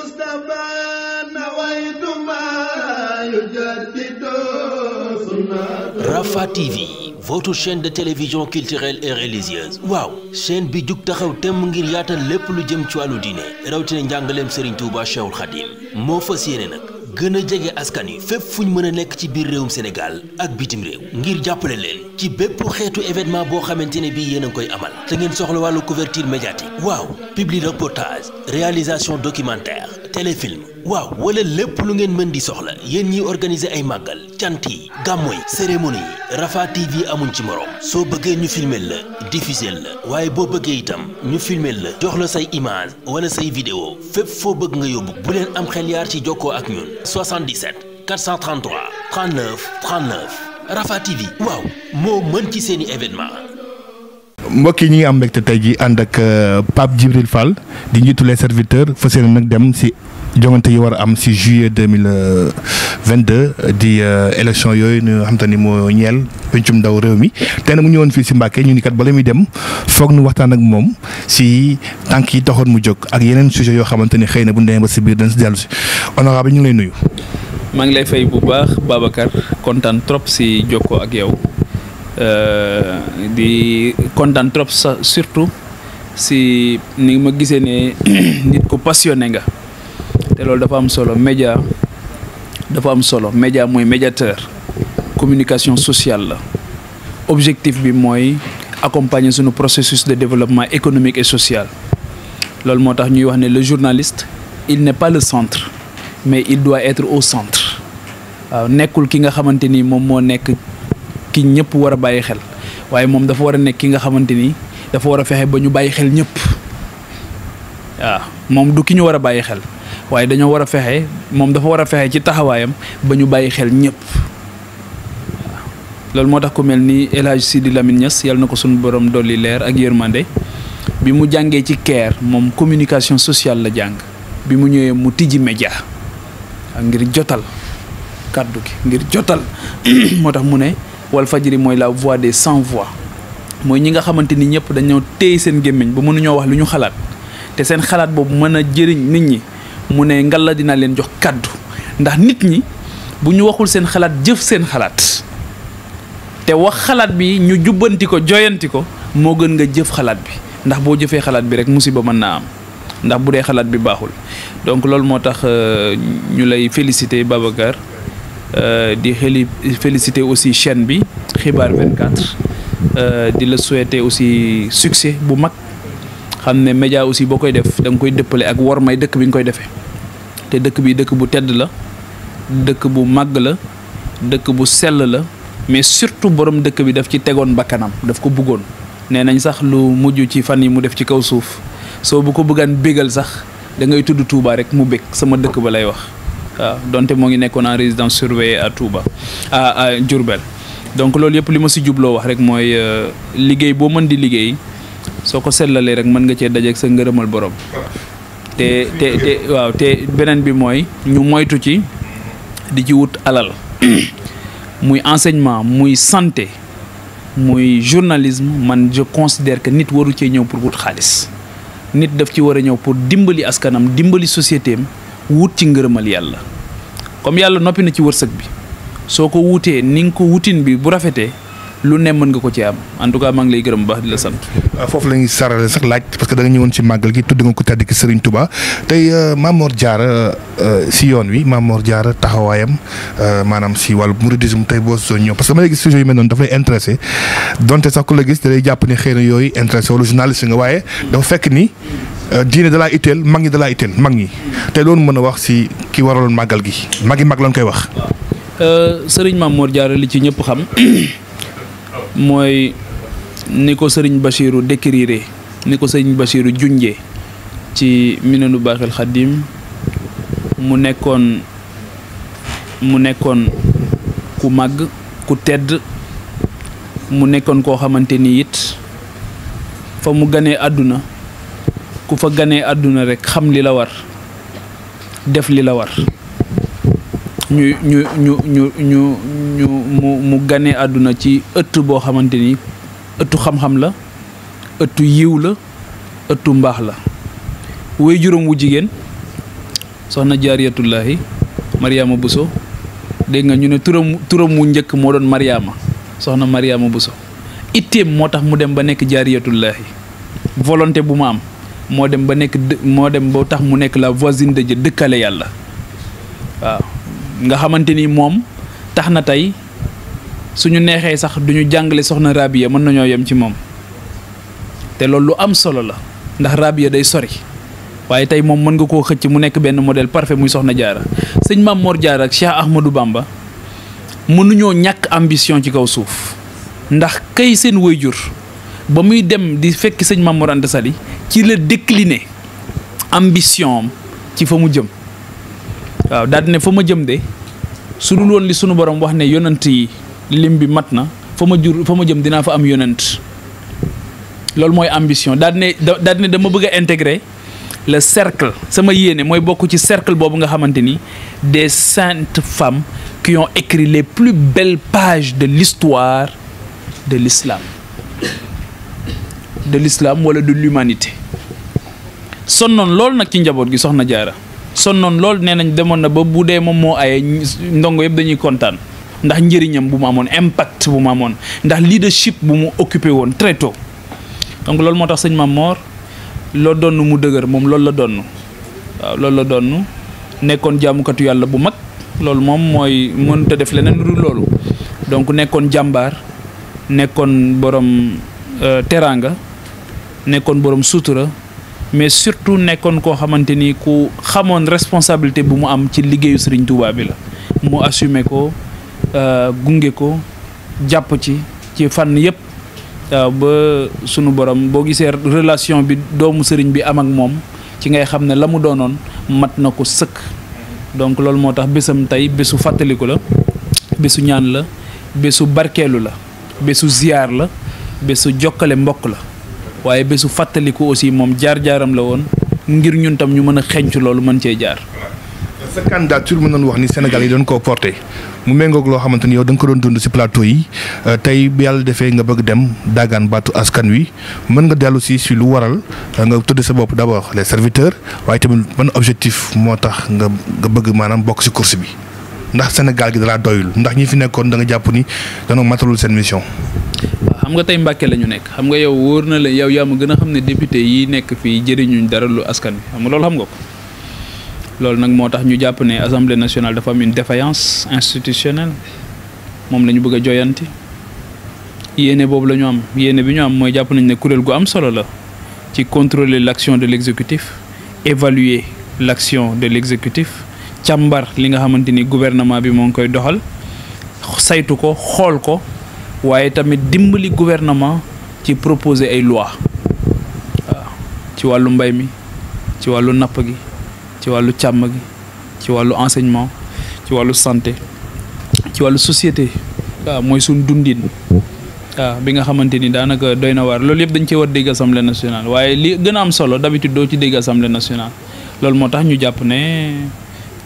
المصطفى نويت ما يجدد de télévision culturel et religieuse waaw chaîne bi jug taxaw temm ngir yaatal lépp lu jëm ci wàllu diine rawatina njàngaleem Serigne Touba Cheikhul Khadim moo fas yéene nag gën a jege askan yi fépp fu ñu mën a nekk ci biir réewum Sénégal ak bitim réew ngir jàppale leen ci bépp xeetu événement boo xamante ne bii yéen a koy amal te ngeen soxla wàllu couverture médiatique waaw publi reportage réalisation documentaire téléfilm waaw wala lépp lu ngeen mën di soxla yéen ñiy organiser ay màggal cant yi gàmmu yi cérémonie yi Rafah TV amuñ ci morom soo bëggee ñu filmeel la diffuseel la waaye boo bëggee itam ñu filmeel la jox la say image wala say vidéo fépp foo bëgg nga yóbbu bu leen am xel ci jokkoo ak ñun 77 433 39 39 Rafah TV waaw moo mën ci seeni événement mbokk yi ñu ngi am mbégte tey jii ànd ak euh, Pape Djibril Fall di njiitu les serviteurs fas yéene nag dem si jongante yi war a am si juillet deux mille euh, vingt deux euh, di élection yooyu ñu xam ni moo ñeel pencum ndaw réew mi tey nag mu ñëwoon fii si Mbàkke ñu ni kat bala muy dem foog nu waxtaan ak moom si tànk yi taxoon mu jóg ak yeneen sujet yoo xamante ni xëy na bu ñu demee ba si biir dañ si dellu si honorable ñu ngi lay nuyu. maa ngi lay fay bu baax Babacar kontaan trop si jokkoo ak yow. Euh, di kontaan trop sa surtout si ni ma gisee ne nit ku passionné nga te loolu dafa am solo média dafa am solo média mooy médiateur communication sociale la objectif bi mooy accompagner suñu processus de développement économique et social loolu moo tax ñuy wax ne le journaliste il n'est pas le centre mais il doit être au centre waaw nekkul ki nga xamante ni moom moo nekk ki ñëpp war a bàyyi xel waaye moom dafa war a nekk ki nga xamante ni dafa war a fexe ba ñu bàyyi xel ñëpp waaw moom du ki ñu war a bàyyi xel waaye dañoo war a fexe moom dafa war a fexe ci taxawaayam ba ñu bàyyi xel ñëpp loolu moo tax ku mel ni El Hadj Sidi Lamine Niass na ko suñu borom dolli leer ak yërmande bi mu jàngee ci keer moom communication sociale la jàng bi mu ñëwee mu tijji média ngir jotal kàddu gi ngir jotal moo tax mu ne. Walfadjri mooy la voix des sans mooy ñi nga xamante ni ñëpp dañoo téye seen gémmiñ ba mënuñoo wax lu ñu xalaat te seen xalaat boobu mën a jëriñ nit ñi mu ne ngalla dina leen jox kàddu ndax nit ñi bu ñu waxul seen xalaat jëf seen xalaat te wax xalaat bi ñu jubbanti ko joyanti ko moo gën nga jëf xalaat bi ndax boo jëfee xalaat bi rek musiba mën naa am ndax bu dee xalaat bi baaxul donc loolu moo tax euh, ñu lay féliciter Babacar Euh, di xeli féliciter aussi chaine bi Xibaar 24 euh, di la souhaiter aussi succès bu mag xam ne média aussi boo koy def da nga koy dëppale ak war may dëkk bi nga koy defee te dëkk bi dëkk bu tedd la dëkk bu màgg la dëkk bu sell la mais surtout borom dëkk bi daf ci tegoon bakkanam daf ko bëggoon nee nañ sax lu mujj ci fan yi mu def ci kaw suuf soo bu ko bëggaan bégal sax dangay tudd tuubaa rek mu bég sama dëkk ba lay wax waaw euh, donte moo ngi nekkoon en résidence surveillée à Touba à à donc loolu yëpp li ma si jubloo wax rek mooy euh, liggéey boo mën di liggéey soo ko seetlalee rek mën nga cee dajeeg sa ngërëmal borom. te te te beneen bi mooy ñu moytu ci di ci wut alal muy enseignement muy santé muy journalisme man je consider que nit waru cee ñëw pour wut xaalis nit daf ci war a ñëw pour dimbali askanam dimbali société am wut ci ngërëmal yàlla comme yàlla noppi na ci wërsëg bi soo ko wutee ni nga ko wutin bi bu rafetee lu ne mën nga ko ci am en tout cas maa ngi lay gërëm bu baax di la sant. Euh, foofu la ñuy sarale sax laaj parce que da nga ñëwoon ci màggal gi tudd nga ko tedd ki Serigne Touba tey euh, Mamor Diarra euh, si yoon wi Mamor jaara taxawaayam maanaam si wàllu mouridisme tey boo soo ñëw parce que ma lay gis sujet yu mel noonu daf lay intéressé donte sax ku la gis da lay jàpp ne xëy na yooyu intéressé wala journaliste nga waaye dafa Euh, diine dalaa itteel mag ñi dalaa itteel mag ñi te loolu mën a wax si ki waraloon màggal gi mag yi mag lañ koy wax. Euh, sëriñ Mame Mor Diarra li ci ñëpp xam mooy ni ko sëriñ Bachirou décrire ni ko sëriñ Bachirou junjee ci Minanu Baaxil Xaddim mu nekkoon mu nekkoon ku màgg ku tedd mu nekkoon koo xamante ni it fa mu ganee àdduna ku fa ganee àdduna rek xam li la war def li la war ñu ñu ñu ñu ñu mu mu ganee àdduna ci ëtt boo xamante ni ëttu xam-xam la ëttu yiw la ëttu mbaax la way juróom wu jigéen soxna jaariyatullaahi mariama buso dégg nga ñu ne turam turam wu njëkk moo doon mariama soxna mariama buso itteem moo tax mu dem ba nekk jaariyatullaahi volonté bu ma am moo dem ba nekk moo dem ba tax mu nekk la voisine de Dieu dëkkale yàlla waaw nga xamante ni moom tax na tey suñu neexee sax duñu jàngale soxna Rabia mën nañoo yem ci moom te loolu lu am solo la ndax Rabia day sori waaye tey moom mën nga koo xëcc mu nekk benn model parfait muy soxna jaara sëñ Maam moor Jaara ak Cheikh Ahmadou Bamba mënuñoo ñàkk ambition ci kaw suuf ndax kay seen wayjur ba muy dem di fekk sëñ Mame Mor Anta Sali ci la décliner ambition ci fa mu jëm waaw daal ne fa ma jëm de su dul woon li sunu borom wax ne yonant yi lim bi mat na fa ma jur fa ma jëm dinaa fa am yonant loolu mooy ambition daal di ne dama bëgg a intégrer le cercle sama yéene mooy bokk ci cercle boobu nga xamante ni des saintes femmes qui ont écrit les plus belles pages de l'histoire de l'islam de l'islam wala de l'humanité noon lool nag ci njaboot gi soxna jaara son noon lool nee nañ demoon na ba bu dee moom moo aye ndongo yëpp dañuy kontaan ndax njëriñam bu mu amoon impact bu mu amoon ndax leadership bu mu occupé woon très donc loolu moo tax sëñ ma moor loo donn mu dëgër moom loolu la donn waaw loolu la donn nekkoon jaamukatu yàlla bu mag loolu moom mooy mënut def leneen loolu donc nekkoon jàmbaar nekkoon borom euh, teraanga nekkoon borom sutura mais surtout nekkoon koo xamante ni ku xamoon responsabilité bu mu am ci liggéeyu Serigne Touba bi la mu assumé ko euh, gunge ko jàpp ci ci fànn yëpp euh, ba sunu borom boo gisee relation bi doomu Serigne bi am ak moom ci ngay xam ne la mu doonoon mat na ko sëkk donc loolu moo tax bésam tey bésu fàttaliku la bésu ñaan la bésu barkeelu la bésu ziyaar la bésu jokkale mbokk la waaye bésu fàttaliku aussi moom jaar-jaaram la woon ngir ñun tam ñu mën a xenc loolu mën cee jaar. sa candidature mën nañu wax ni Sénégal yi doon koo porté mu méngoog loo xamante ni yow da ko doon dund ci plateau yi euh, tey bi yàlla defee nga bëgg dem daagaan baatu askan wi mën nga dellu si si lu waral euh, nga tudd sa bopp d'abord les serviteur waaye tamit ban objectif moo tax nga nga bëgg maanaam bokk ci course bi ndax Sénégal gi dalaa doyul ndax ñi fi nekkoon da nga jàpp ni danoo matalul seen mission. xam nga tey Mbàkke la ñu nekk xam nga yow wóor na la yow yaa ma gën a xam ne député yi nekk fii jëriñuñ dara lu askan bi xam nga loolu xam nga ko loolu nag moo tax ñu jàpp ne assemblée nationale dafa am une défaillance institutionnelle moom la ñu bëgg a joyanti yéene boobu la ñu am yéene bi ñu am mooy jàpp nañ ne kuréel gu am solo la ci contrôler l' action de l' exécutif évaluer laction de l' càmbar li nga xamante ni gouvernement bi moo ngi koy doxal saytu ko xool waaye tamit dimbali gouvernement ci proposer ay loi waaw ci wàllu mbay mi ci wàllu napp gi ci wàllu càmm gi ci wàllu enseignement ci wàllu santé ci wàllu société waaw mooy suñ dundin waaw bi nga xamante ni daanaka doy na waar loolu yëpp dañ ci war dégg assemblée national waaye li gën a am solo d'habitude doo ci dégg assemblée national loolu moo tax ñu jàpp ne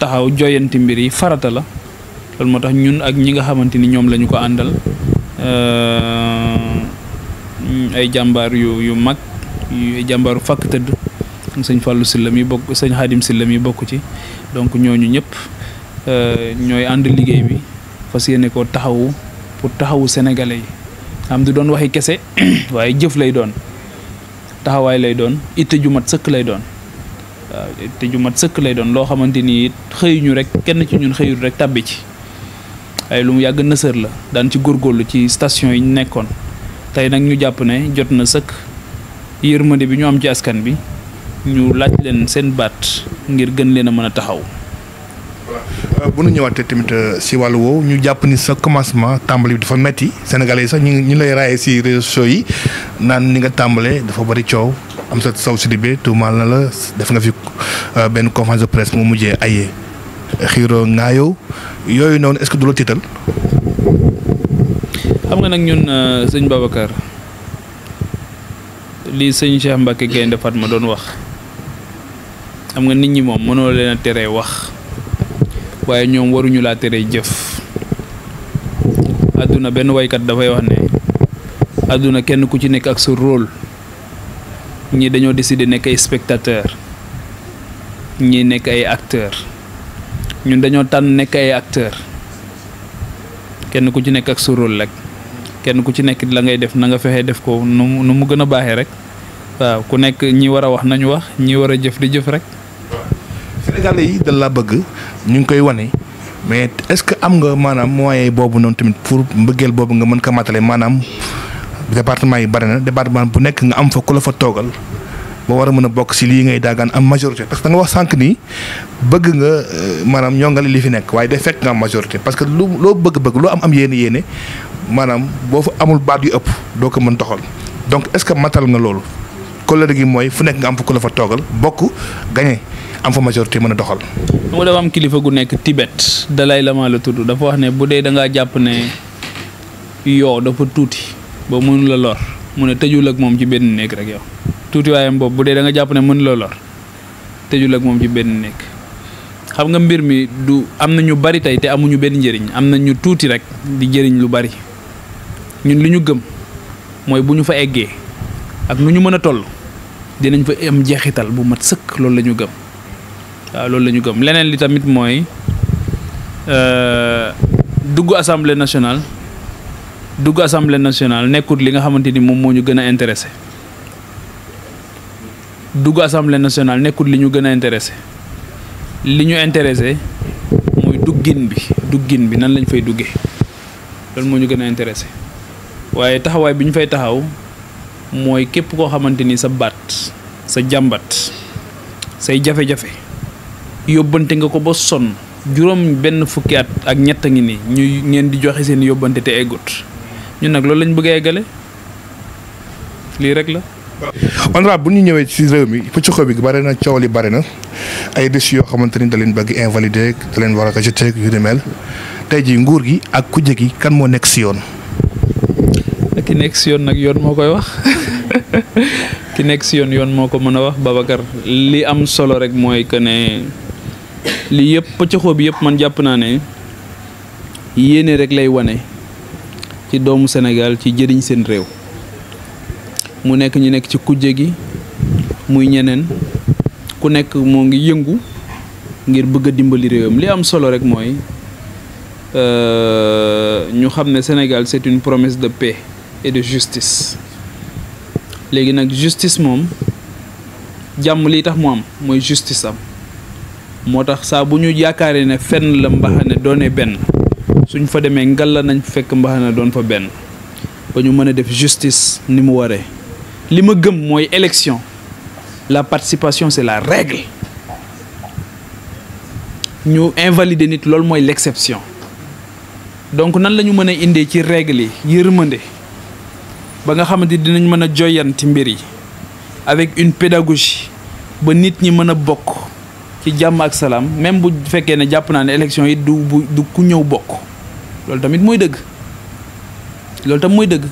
taxaw joyanti mbir yi farata la loolu moo tax ñun ak ñi nga xamante ni ñoom la ñu ko àndal Euh, ay jàmbaar yu yu mag yu jàmbaaru fàkk tëdd sëñ Fallou Sylla mi bokk sëñ Xaadim Sylla mi bokk ci donc ñooñu ñëpp euh, ñooy ànd liggéey bi fas yéene ko taxawu pour taxawu sénégalais yi am du doon waxi kese waaye jëf lay doon taxawaay lay doon it ju mat sëkk lay doon waaw itte ju mat sëkk lay doon loo xamante ni xëyuñu rek kenn ci ñun xëyul rek tàbbi ci ay lu mu yàgg nësër la daan ci góorgóorlu ci station yi ñu nekkoon tey nag ñu jàpp ne jot na sëkk yërmande bi ñu am ci askan bi ñu laaj leen seen baat ngir gën leen a mën a taxaw. Euh, bu nu ñëwaatee tamit euh, si wàllu woow ñu jàpp ni sa commencement tàmbali bi dafa metti Sénégalais yi sax ñu ñu lay raayee si réseaux sociaux yi naan ni nga tàmbalee dafa bari coow am sa saw si dibee tuumaal na la def nga fi euh, benn conférence de presse mu mujjee ayee. xiiroo ŋaayoo yooyu noonu est-ce que du la tiital. xam nga nag ñun euh, sëñ Babacar li sëñ Cheikh Mbacke Gaynde ma doon wax xam nga nit ñi moom mënoo leen a wax waaye ñoom waruñu laa tere jëf àdduna benn waykat dafay wax ne àdduna kenn ku ci nekk ak sa rôle ñii dañoo décider nekk ay spectateur ñi nekk ay acteur ñun dañoo tànn nekk ay acteur kenn ku ci nekk ak sa rôle kenn ku ci nekk la ngay def na nga fexee def ko nu mu gën a baaxee rek waaw ku nekk ñi war a wax nañu wax ñi war a jëf di jëf rek. Sénégalais yi dañ la bëgg ñu ngi koy wane mais est-ce que am nga maanaam moyen boobu noonu tamit pour mbëggeel boobu nga mën ko matale maanaam département yi bari na département bu nekk nga am fa ku la fa toogal. ba war a mën a bokk si lii ngay daagaan am majorité parce que da nga wax sànq ni bëgg nga euh, maanaam ñoŋale li fi nekk waaye day fekk nga am majorité parce que lu loo bëgg-bëgg loo am am yéene yéene maanaam boo fa amul baat yu ëpp doo ko mën doxal donc est-ce que matal nga loolu colère gi mooy fu nekk nga am fa ku la fa toogal bokk gañe am fa majorité mën a doxal. mu dafa kilifa gu nekk Tibet Dalai la tudd dafa wax ne bu dee da ngaa jàpp ne yoo dafa tuuti ba mënu la lor mu ne tëjul ak moom ci benn néeg rek yow. tuutiwaayam boobu bu dee da nga jàpp ne mën loo lor tëjul ak moom ci benn nekk xam nga mbir mi du am na ñu bari tey te amuñu benn njëriñ am na ñu tuuti rek di njëriñ lu bari ñun li ñu gëm mooy bu ñu fa eggee ak nu ñu mën a toll dinañ fa am jeexital bu mat sëkk loolu lañu gëm waaw loolu lañu ñu gëm leneen li tamit mooy euh, dugg assemblée nationale dugg assemblée nationale nekkut li nga xamante ni moom moo ñu gën a intéressé. dugg assemblée nationale nekkul li ñu gën a intéressé li ñu intéressé mooy duggin bi duggin bi nan lañu fay duggee loolu moo ñu gën a intéressé waaye taxawaay bi ñu fay taxaw mooy képp koo xamante ni sa baat sa jàmbat say jafe-jafe yóbbante nga ko ba sonn juróom benn fukki at ak ñett ngi nii ñu ngeen di joxe seen yóbbante te eggut ñu nag loolu lañ bëgg a eggale lii rek la honorable bu ñu ñëwee ci réew mi pëcc bi bëri na coow li bëri na ay décisions yoo xamante ni da leen bëgg invalider da leen war a rejeter yu ni mel tey jii nguur gi ak kuje gi kan moo nekk si yoon. ki nekk si yoon nag yoon moo koy wax ki nekk si yoon yoon moo ko mën a wax Babacar li am solo rek mooy que ne lii yëpp pëcc bi yëpp man jàpp naa ne yéene rek lay wane ci doomu senegal ci jëriñ seen réew. mu nekk ñu nekk ci kujje gi muy ñeneen ku nekk moo ngi yëngu ngir bëgg a dimbali réewam li am solo rek mooy euh, ñu xam ne Sénégal c'est une promesse de paix et de justice léegi nag justice moom jàmm lii tax mu am mooy justice am moo tax saa bu ñu yaakaaree ne fenn la mbaxane doone benn suñ fa demee ngalla nañ fekk mbaxane doon fa benn ba ñu mën a def justice ni mu waree li ma gëm mooy élection la participation c'est la règle ñu invalider nit loolu mooy l'exception donc nan la ñu mën a indee ci règle yi yërmande ba nga xamante dinañ mën a joyanti mbir yi avec une pédagogie ba nit ñi mën a bokk ci jàmm ak salaam même bu fekkee ne jàpp naa ne élection yi du ku ñëw bokk loolu tamit mooy dëgg loolu tam mooy dëgg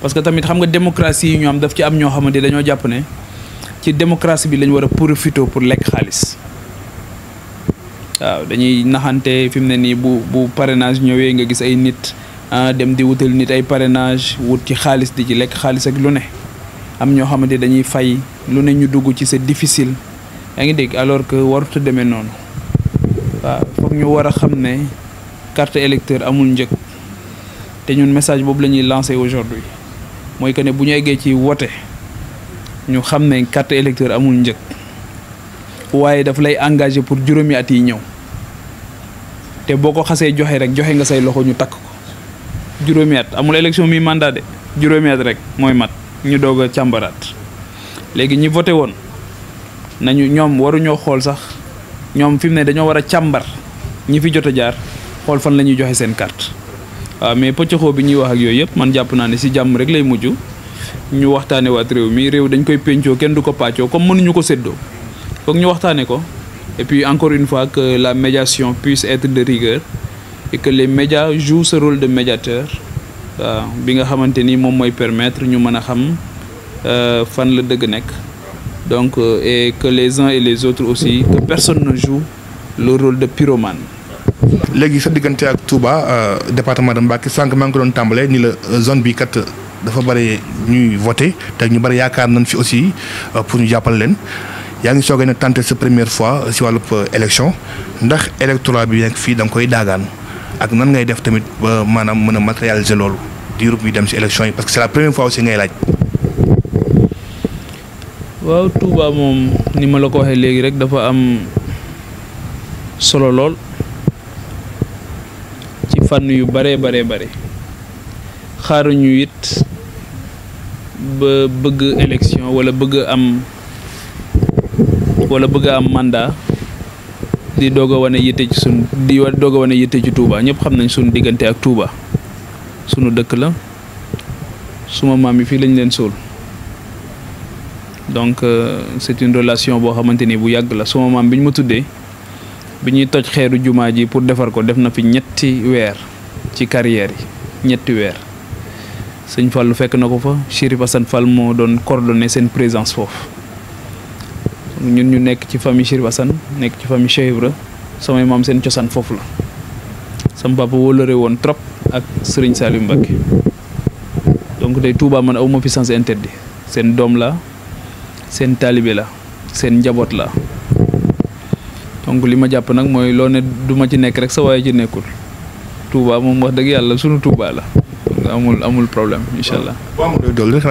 parce que tamit xam nga démocratie yi ñu am daf ci am ñoo xamante dañoo jàpp ne ci démocratie bi lañu war a profité pour lekk xaalis waaw dañuy naxante fi mu ne nii bu bu parenage ñëwee nga gis ay nit ah, dem di wutal nit ay parrainage wut ci xaalis di ci lekk xaalis ak lu ne am ñoo xamante dañuy fay lu ne ñu dugg ci sa difficile yaa ngi dégg alors que warut demee noonu waaw foog ñu war a xam ne carte électeur amul njëg te ñun message boobu la ñuy lancé aujourd'hui mooy que ne bu ñu eggee ci wote ñu xam ne carte électeur amul njëg waaye daf lay engagé pour juróomi at yi ñëw te boo ko xasee joxe rek joxe nga say loxo ñu takk ko juróomi at amul élection mi mandat de juróomi at rek mooy mat ñu doog a càmbaraat léegi ñi voté woon nañu ñoom waruñoo xool sax ñoom fi mu ne dañoo war a càmbar ñi fi jot jaar xool fan la ñuy joxe seen carte waaw ah, mais pëccëxoo bi ñuy wax ak yooyu yëpp man jàpp naa ne si jàmm rek lay mujj ñu waxtaane waat réew mi réew dañ koy péncoo kenn du ko pàccoo comme mënuñu ko séddoo foog ñu waxtaane ko et puis encore une fois que la médiation puisse être de rigueur et que les médias jouent ce rôle de médiateur waaw ah, bi nga xamante ni moom mooy permettre ñu mën a xam euh, fan la dëgg nekk donc euh, et que les uns et les autres aussi que personne ne joue le rôle de pyromane léegi sa diggante ak Touba euh, département de Mbacké sànq maa ngi ko doon tàmbalee ni la euh, zone bi kat euh, dafa bëri ñuy voté te ñu bëri yaakaar nañ fi aussi pour ñu jàppale leen yaa ngi soogay nag tenté sa première fois si wàllub élection ndax électorat bi nekk fii da nga koy daagaan ak nan ngay def tamit ba maanaam mën a matérialiser loolu diirub bi dem si élection yi parce que c'est la première fois aussi ngay laaj. waaw Touba moom ni ma la ko waxee léegi rek dafa am solo lool. fànn yu bare bare bare xaaruñu it ba bëgg élection wala bëgg am wala bëgg am mandat di doog a wane yitte ci sun di doog a wane yitte ci Touba ñëpp xam nañ sunu diggante ak Touba sunu dëkk la suma maam yi fii lañ leen suul donc euh, c'est une relation boo xamante ni bu yàgg la suma maam bi ñu ma tuddee. bi ñuy toj xeeru jumaa ji pour defar ko def na fi ñetti weer ci carrière yi ñetti weer sëñ lu fekk na ko fa Chérif Assane Fall moo doon coordonné seen présence foofu ñun ñu nekk ci famille Chérif Assane nekk ci famille Cheikh Ibra samay maam seen cosaan foofu la sama papa wóolare woon trop ak Serigne Saliou Mbacké donc tey Touba man awma fi sens interdit seen doom la seen taalibe la seen njaboot la donc li ma jàpp nag mooy loo ne du ci nekk rek sa waaye ci nekkul Touba moom wax dëgg yàlla sunu Touba la amul amul problème incha allah. waaw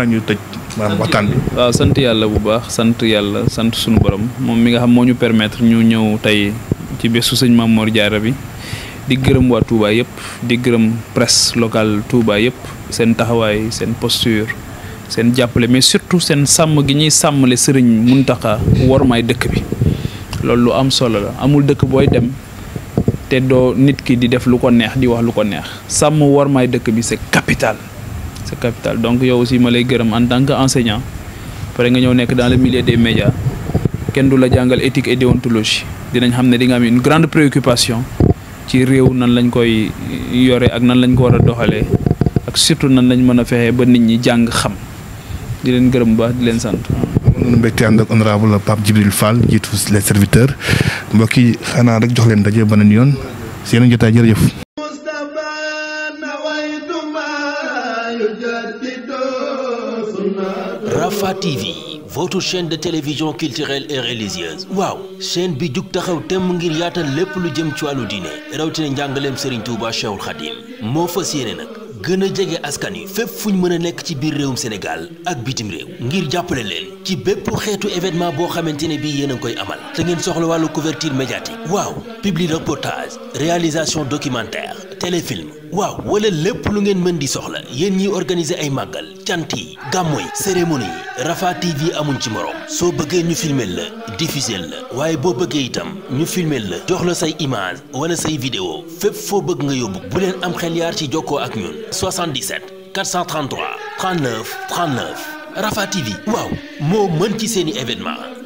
ñu tëj maanaam waxtaan sant yàlla bu baax sant yàlla sant sunu borom moom mi nga xam moo ñu permetre ñu ñëw tey ci bésu sëñ Mame Mor Diarra bi di gërëm waa Touba yëpp di gërëm presse locale Touba yëpp seen taxawaay seen posture seen jàppale mais surtout seen sàmm gi ñuy sàmmale sëriñ Muntaxa wormaay dëkk bi. loolu lu am solo la amul dëkk booy dem te doo nit ki di def lu ko neex di wax lu ko neex sàmm war may dëkk bi c'est capital c'est capital donc yow aussi ma lay gërëm en tant que enseignant pare nga ñëw nekk dans le milieu des médias kenn du la jàngal éthique et déontologie dinañ xam ne dinga amee am une grande préoccupation ci réew nan lañ koy yore ak nan lañ ko war a doxalee ak surtout nan lañ mën a fexee ba nit ñi jàng xam di leen gërëm bu baax di leen sant nu mbégte ànd ak honorable Pape Djibril Fall jiitu les mbokk yi xanaa rek jox leen daje beneen yoon si yeneen jotaay jërëjëf. Rafah TV de télévision culturelle waaw chaîne bi jug taxaw temm ngir yaatal lépp lu jëm ci wàllu diine rawatina njàngaleem Serigne Touba Cheikhul Khadim moo fas yéene nag gën a jege askan yi fépp fu ñu mën a nekk ci biir réewum Sénégal ak bitim réew ngir jàppale leen ci bépp xeetu événement boo xamante ne bii yéen a koy amal te ngeen soxla wàllu couverture médiatique waaw publi reportage réalisation documentaire téléfilm waaw wala lépp lu ngeen mën di soxla yéen ñiy organiser ay màggal cant yi gàmmu yi cérémonie yi Rafah TV amuñ ci morom soo bëggee ñu filmeel la diffuseel la waaye boo bëggee itam ñu filmeel la jox la say image wala say vidéo fépp foo bëgg nga yóbbu bu leen am xel ci jokkoo ak ñun 77 433 39 39 Rafah TV waaw moo mën ci seeni événement